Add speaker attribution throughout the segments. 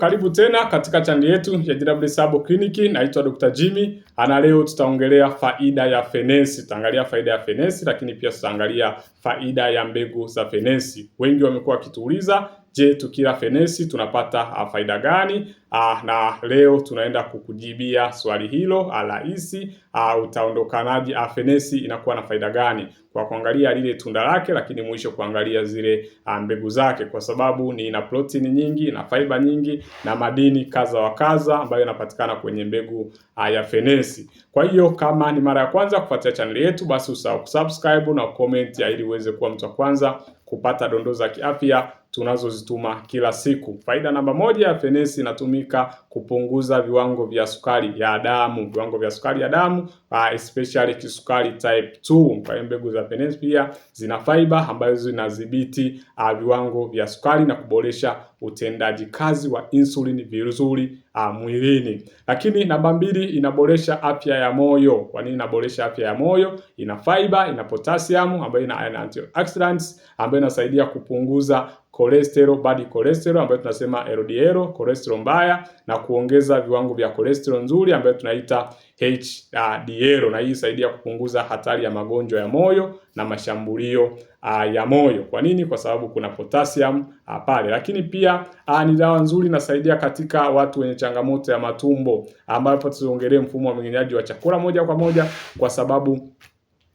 Speaker 1: karibu tena katika chandi yetu ya JW Sabo Kliniki. Naitwa Dr. Jimmy ana, leo tutaongelea faida ya fenesi. Tutaangalia faida ya fenesi, lakini pia tutaangalia faida ya mbegu za fenesi. Wengi wamekuwa wakituuliza Je, tukila fenesi tunapata ah, faida gani? Aa, ah, na leo tunaenda kukujibia swali hilo rahisi. Ah, utaondokanaje? Fenesi inakuwa na faida gani kwa kuangalia lile tunda lake, lakini mwisho kuangalia zile mbegu zake, kwa sababu ni ina protini nyingi na faiba nyingi na madini kaza wa kaza ambayo yanapatikana kwenye mbegu ya fenesi. Kwa hiyo kama ni mara ya kwanza kufuatia chaneli yetu, basi usahau kusubscribe na comment ili uweze kuwa mtu wa kwanza kupata dondoo za kiafya tunazozituma kila siku. Faida namba moja, fenesi inatumika kupunguza viwango vya sukari ya damu, viwango vya sukari ya damu uh, especially kisukari type 2. Kwa hiyo mbegu za fenesi pia zina fiber ambazo zinadhibiti uh, viwango vya sukari na kuboresha utendaji kazi wa insulin vizuri uh, mwilini. Lakini namba mbili, inaboresha afya ya moyo. Kwa nini inaboresha afya ya moyo? Ina fiber, ina potassium ambayo ina antioxidants ambayo inasaidia kupunguza cholesterol bad cholesterol ambayo tunasema LDL cholesterol mbaya, na kuongeza viwango vya cholesterol nzuri ambayo tunaita HDL, na hii saidia kupunguza hatari ya magonjwa ya moyo na mashambulio Uh, ya moyo. Kwa nini? Kwa sababu kuna potassium uh, pale, lakini pia uh, ni dawa nzuri inasaidia katika watu wenye changamoto ya matumbo, ambapo tuziongelee mfumo wa mmeng'enyaji wa chakula moja kwa moja, kwa sababu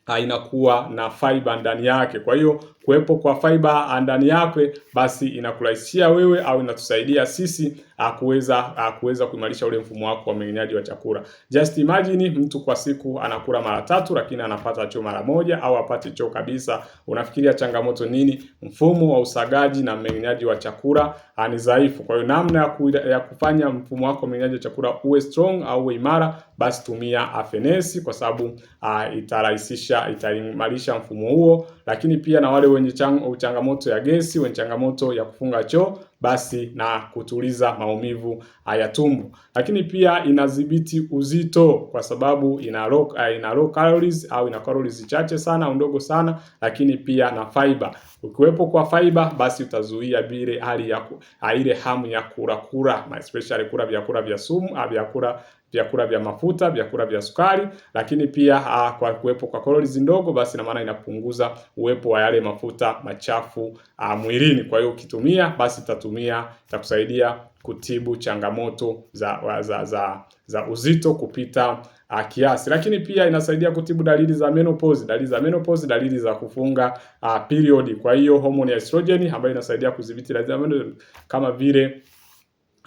Speaker 1: uh, inakuwa na fiber ndani yake. Kwa hiyo kuwepo kwa fiber ah, ndani yake, basi inakurahisishia wewe au inatusaidia sisi ah, kuweza ah, kuweza kuimarisha ule mfumo wako wa mmeng'enyaji wa chakula. Just imagine mtu kwa siku anakula mara tatu, lakini anapata choo mara moja au apate choo kabisa. Unafikiria changamoto nini? Mfumo wa usagaji na mmeng'enyaji wa chakula ni dhaifu. Kwa hiyo namna ya, ku, ya kufanya mfumo wako wa mmeng'enyaji wa chakula uwe strong au uwe imara, basi tumia afenesi kwa sababu uh, itarahisisha itaimarisha mfumo huo, lakini pia na wale wenye changamoto ya gesi, wenye changamoto ya kufunga choo basi na kutuliza maumivu ya tumbo. Lakini pia inadhibiti uzito kwa sababu ina low, uh, ina low calories au ina calories chache sana ndogo sana, lakini pia na fiber. Ukiwepo kwa fiber, basi utazuia bile hali ya ah, ile hamu ya kula kula, especially kula vyakula vya sumu au ah, vyakula vyakula vya mafuta, vyakula vya sukari, lakini pia uh, kwa kuwepo kwa calories ndogo, basi na maana inapunguza uwepo wa yale mafuta machafu uh, mwilini. Kwa hiyo ukitumia basi tatu utatumia itakusaidia kutibu changamoto za za za, za uzito kupita a ah, kiasi, lakini pia inasaidia kutibu dalili za menopause, dalili za menopause, dalili za kufunga a ah, period. Kwa hiyo homoni ya estrogen ambayo inasaidia kudhibiti dalili za menopause kama vile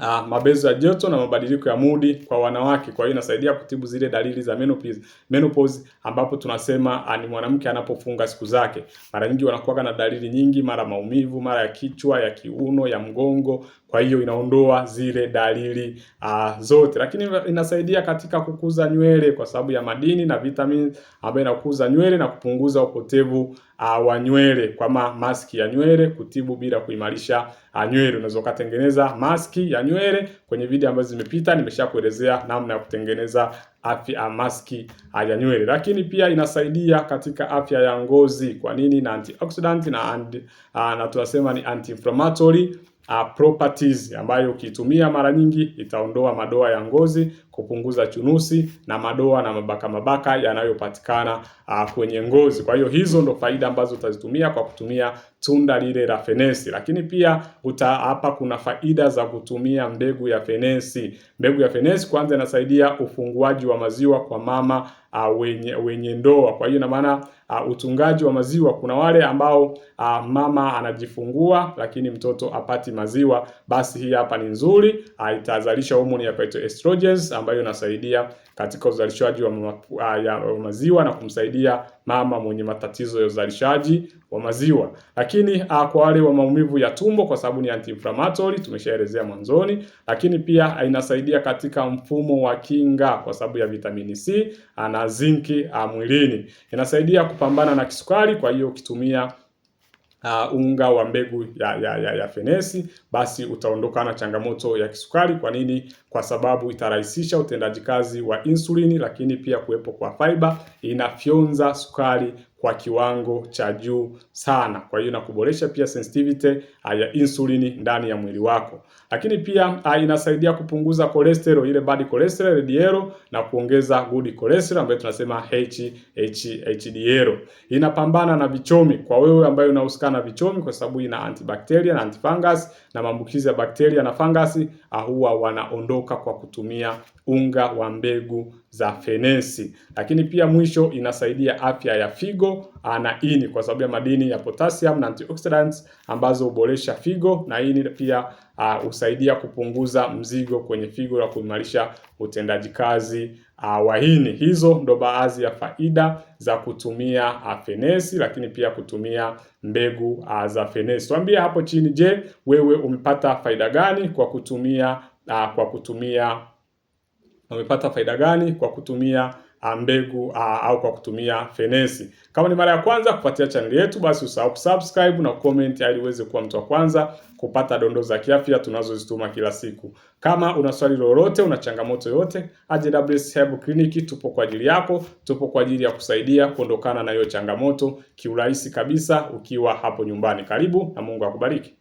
Speaker 1: uh, ah, mabezo ya joto na mabadiliko ya mudi kwa wanawake. Kwa hiyo inasaidia kutibu zile dalili za menopause, menopause ambapo tunasema uh, ni mwanamke anapofunga siku zake. Mara nyingi wanakuwa na dalili nyingi, mara maumivu, mara ya kichwa, ya kiuno, ya mgongo, kwa hiyo inaondoa zile dalili uh, zote, lakini inasaidia katika kukuza nywele kwa sababu ya madini na vitamini ambayo inakuza nywele na kupunguza upotevu uh, wa nywele, ma maski ya nywele, kutibu bila kuimarisha uh, nywele. Unaweza ukatengeneza maski ya nywele. Kwenye video ambazo zimepita nimeshakuelezea namna ya kutengeneza afya ya maski ya nywele, lakini pia inasaidia katika afya ya ngozi. Kwa nini? Na antioxidant na, and, uh, na tunasema ni anti-inflammatory uh, properties ambayo ukitumia mara nyingi itaondoa madoa ya ngozi, kupunguza chunusi na madoa na mabaka mabaka yanayopatikana uh, kwenye ngozi. Kwa hiyo hizo ndo faida ambazo utazitumia kwa kutumia tunda lile la fenesi, lakini pia uta hapa kuna faida za kutumia mbegu ya fenesi. Mbegu ya fenesi kwanza inasaidia ufunguaji wa maziwa kwa mama uh, wenye, wenye ndoa. Kwa hiyo ina maana uh, utungaji wa maziwa kuna wale ambao uh, mama anajifungua lakini mtoto apati maziwa, basi hii hapa ni nzuri uh, itazalisha homoni ya estrogens ambayo inasaidia katika uzalishaji wa, uh, ya maziwa na kumsaidia mama mwenye matatizo ya uzalishaji wa maziwa. Lakini ah, kwa wale wa maumivu ya tumbo, kwa sababu ni anti-inflammatory, tumeshaelezea mwanzoni. Lakini pia ah, inasaidia katika mfumo wa kinga kwa sababu ya vitamini C ah, na zinki mwilini. Inasaidia kupambana na kisukari, kwa hiyo ukitumia uh, unga wa mbegu ya, ya, ya, ya fenesi, basi utaondoka na changamoto ya kisukari. Kwa nini? Kwa sababu itarahisisha utendaji kazi wa insulini, lakini pia kuwepo kwa fiber inafyonza sukari kwa kiwango cha juu sana. Kwa hiyo inakuboresha pia sensitivity ah, ya insulini ndani ya mwili wako, lakini pia ah, inasaidia kupunguza cholesterol ile bad cholesterol LDL na kuongeza good cholesterol ambayo tunasema HDL. E Inapambana na vichomi kwa wewe ambayo unahusika na vichomi, kwa sababu ina antibacteria na antifungus na maambukizi ya bakteria na fangasi ah, huwa wanaondoka kwa kutumia unga wa mbegu za fenesi. Lakini pia mwisho inasaidia afya ya figo figo ah, na ini, kwa sababu ya madini ya potassium na antioxidants ambazo huboresha figo na ini pia ah, husaidia uh, kupunguza mzigo kwenye figo na kuimarisha utendaji kazi uh, wa ini. Hizo ndo baadhi ya faida za kutumia uh, fenesi, lakini pia kutumia mbegu uh, za fenesi. Tuambie hapo chini, je, wewe umepata faida gani kwa kutumia uh, kwa kutumia umepata faida gani kwa kutumia mbegu au kwa kutumia fenesi. Kama ni mara ya kwanza kufuatia chaneli yetu, basi usahau kusubscribe na comment ili uweze kuwa mtu wa kwanza kupata dondoo za kiafya tunazozituma kila siku. Kama una swali lolote, una changamoto yoyote, AJWS Herb Clinic tupo kwa ajili yako, tupo kwa ajili ya kusaidia kuondokana na hiyo changamoto kiurahisi kabisa ukiwa hapo nyumbani. Karibu na Mungu akubariki.